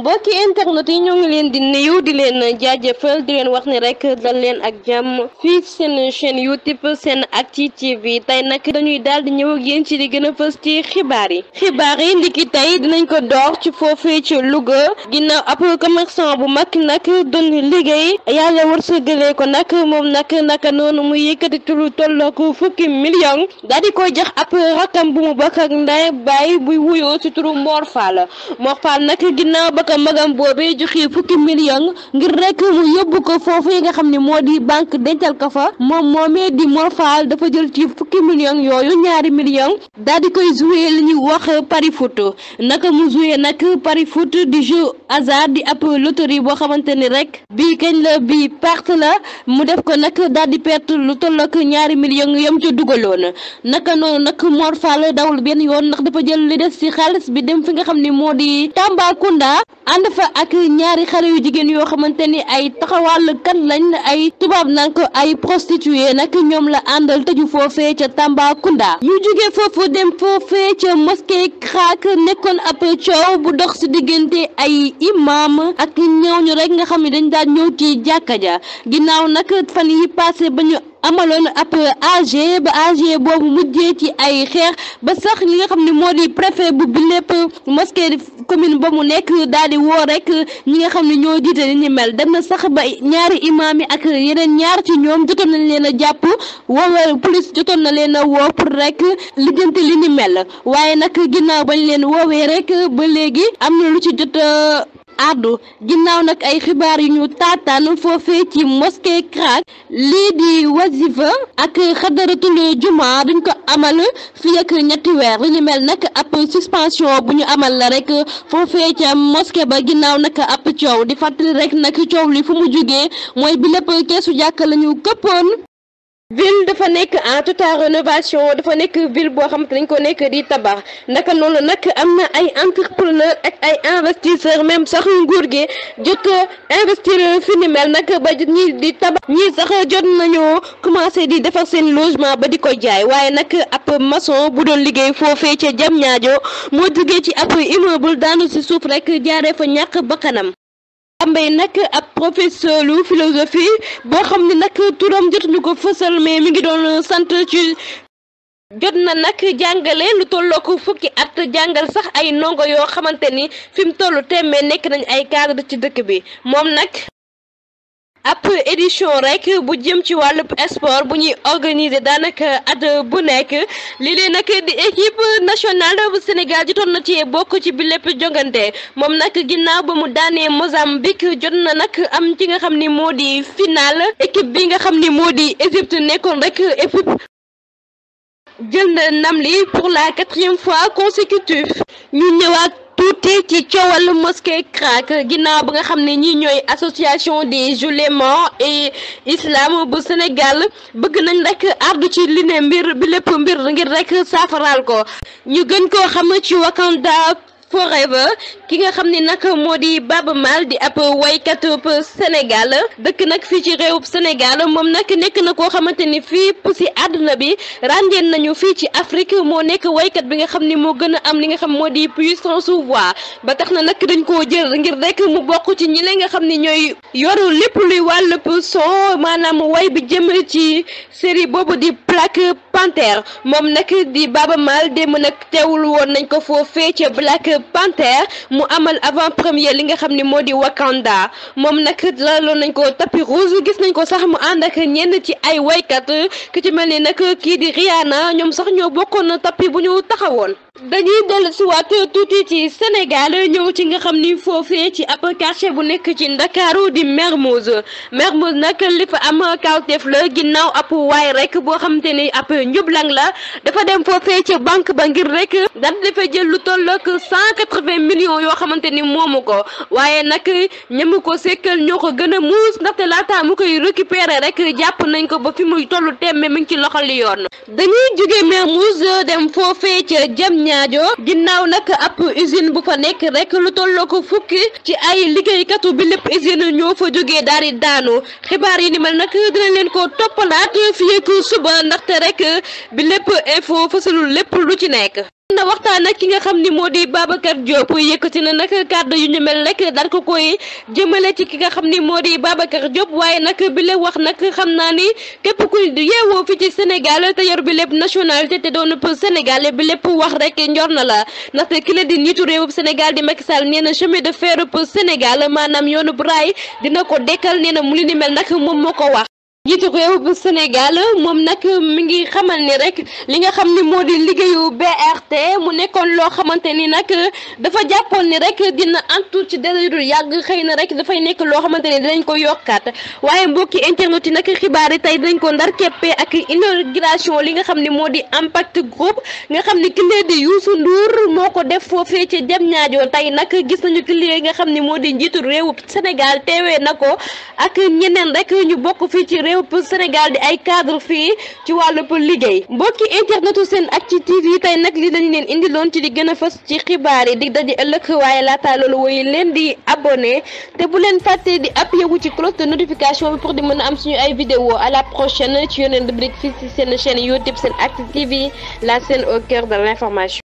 mbokki internet yi ñoo ngi leen di nuyu di leen jaajëfal di leen wax ni rek dal leen ak jàmm fii seen chaîne youtube seen acti yi tey nag dañuy daal di ñëw ak yéen ci di gën a fës ci xibaar yi xibaar yi ndiki tey dinañ ko door ci foofee ci Louga ginnaaw ab commerçant bu mag nag doon liggéey yàlla wërsëgalee ko nag moom nak naka noonu mu yëkkati lu tollook fukki million daal di koy jax ab rakam bu mu bakk ak nday baay buy wuyoo ci turu Mor Fall ak magam boobee joxe fukki million ngir rek mu yóbbu ko foofu yi nga xam ne moo di banque dencal ko fa moom moomee di Mor Fall dafa jël ci fukki million yooyu ñaari million dal di koy joué li ñuy wax pari foot naka mu joué nag pari foot di jeu hasard di ab loterie boo xamante ni rek bii kañ la bii perte la mu def ko nag daal di perte lu toll ak ñaari million yam ca dugaloon naka noonu nag Mor Fall dawul benn yoon ndax dafa jël li def ci xaalis bi dem fi nga xam ne moo di Tambacounda ànd fa ak ñaari xare yu jigéen yoo xamante ni ay taxawalkat lañ ay tubaab naan ko ay prostituée nag ñoom la àndal tëju foofee ca Tambacounda ñu jóge foofu dem foofee ca mosquée xaak nekkoon ab coow bu dox si diggante ay imam ak ñëw ñu rek nga xam ni dañ daan ñëw ci jàkka ja ginnaaw nag fan yi passé ba ñu amaloon ab AG ba AG boobu mujjee ci ay xeex ba sax ñi nga xam ne moo di préfet bu bi lépp mosquée commune ba mu nekk daal di woo rek ñi nga xam ni ñoo jiite li mel dem na sax ba ñaari imaam yi ak yeneen ñaar ci ñoom jotoon nañ leen a jàpp wala plus jotoon na leen a woo pour rek lijjanti li ñu mel waaye nag ginnaaw bañ leen woowee rek ba léegi am na lu ci jot àddu ginnaaw nag ay xibaar yu ñu taataan foofee ci mosquée Krak lii di wazifa ak xadaratul juma duñ ko amal fii ak ñetti weer li ñu mel nag ab suspension bu ñu amal la rek foofee ca mosquée ba ginnaaw nag ab coow di fàttali rek nag coow li fu mu jugee mooy bi lépp keesu jàkk la ñu këppoon ville dafa nekk en tout à dafa nekk ville boo xam te dañ ko nekk di tabax naka noonu nag am na ay entrepreneur ak ay investisseur même sax nguur gi jot investir fi ni nag ba ñi di tabax ñii sax jot nañoo commencé di defar seen logement ba di ko jaay waaye nag ab maçon bu doon liggéey foofee ca jam ñaajo moo jógee ci ab immeuble daanu si suuf rek jaare fa ñàkk bakkanam ambey nag ab professeur lu philosophie boo xam ne nag turam jotuñu ko fësal mais mi ngi doon sant ci jot na nag jàngale lu tolloo ko fukki at jàngal sax ay ndongo yoo xamante ni fi mu toll temee nekk nañ ay cadre ci dëkk bi moom nag ab édition rekk bu jëm ci wàllub sport bu ñuy organiser daanaka at bu nekk lii lee nag di équipe nationale bu Sénégal jotoon na ci bokk ci bi lépp jongante moom nak ginnaaw ba mu daanee Mozambique jot na nag am ci nga xam ni moo di finale équipe bi nga xam ni moo di Égypte nekkoon rek équipe jël na ndam li pour la quatrième fois consécutive ñu ñëwaat. tuuti ci coowal mosquée Crak ginnaaw ba nga xam ne ñi ñooy association des oulémas et islam bu Sénégal bëgg nañ rek ardu ci li ne mbir bi lépp mbir ngir rek saafaraal ko ñu gën ko xam ci Wakanda forever ki nga xam ni nag moo di baba mal di ab waykatub Sénégal dëkk nag fii ci réewub Sénégal moom nag nekk na koo xamante ni fii si àdduna bi ràññeen nañu fii ci Afrique moo nekk waykat bi nga xam ni moo gën a am li nga xam moo di puissance voix ba tax na nakk dañ koo jël ngir rek mu bokk ci ñi nga xam ni ñooy yoru lépp luy wàllub son maanaam way bi jëm ci série boobu di plaque Panther moom nag di Baba Maal démb nag teewul woon nañ ko foofee ca Black Panther mu amal avant premier li nga xam ni moo di Wakanda moom nag laloon nañ ko tapis rouge gis nañ ko sax mu ànd ak ñenn ci ay waykat ku ci mel ni nag kii di Rihanna ñoom sax ñoo bokkoon tapis bu ñu taxawoon dañuy dellu si waat tuuti ci Sénégal ñëw ci nga xam ni foofee ci ab quartier bu nekk ci Ndakaaru di Mermoz Mermoz nag li fa am kawteef la ginnaaw ab waaye rek boo xamante ni ab njublang la dafa dem foofee ci banque ba ngir rek daal dafa jël lu toll ak cent quatre-vingts millions yoo xamante ni moomu ko waaye nag ñamu ko sekkal ñoo ko gën a muus ndaxte laata mu koy récupérer rek jàpp nañ ko ba fi muy tollu tembe mi ngi ci loxol yoon dañuy jóge Mermoz dem foofee ca ñaajo ginnaaw nag ab usine bu fa nekk rek lu tolloo ko fukki ci ay liggéeykatu bi lépp usine ñoo fa jógee daal di daanu xibaar yi ni mel nag dina leen ko toppalaat fii ak suba ndaxte rek bi lépp info fësalul lépp lu ci nekk na waxtaan ak ki nga xam ni moo di Babacar Diop yëkkati na nag kàddu yu ñu mel rek daal ko koy jëmale ci ki nga xam ni moo di Babacar Diop waaye nag bi la wax nag xam naa ni képp di yeewoo fi ci Sénégal te bi lépp nationalité te doon Sénégal bi lépp wax rek njor na la ndaxte ki la di njiitu réewub Sénégal di Macky Sall nee na chemin de fer pour Sénégal maanaam yoonu raay dina ko dekkal nee na mu li ni mel nag moom moo ko wax njiitu réew bu Sénégal moom nag mi ngi xamal ni rek li nga xam ni moo di liggéeyu BRT mu nekkoon loo xamante ni nag dafa jàppoon ni rek dina antu ci dérédu yàgg xëy na rek dafay nekk loo xamante ni dinañ ko yokkaat waaye mbokki internet yi nag xibaar yi tey dinañ ko ndar keppee ak inauguration li nga xam ni moo di impact groupe nga xam ni kilee di Youssou nduur moo ko def foofee ci dem ñaajoo tey nag gis nañu kilee nga xam ni moo di njiitu réew Sénégal teewee na ko ak ñeneen rek ñu bokk fii ci lépp Sénégal di ay cadre fii ci wàll wàllub liggéey mbokki internetu SENactu TV tey nag li lañu leen indi loon ci li gën a fës ci xibaar yi di daje ëllëg waaye laataa loolu woyu leen di abonné te bu leen fàttee di appuyé wu ci cloche de notification bi pour di mën a am suñu ay vidéo à la prochaine ci yeneen rubrique fii ci seen chaîne YouTube seen TV la chaîne au cœur de l'information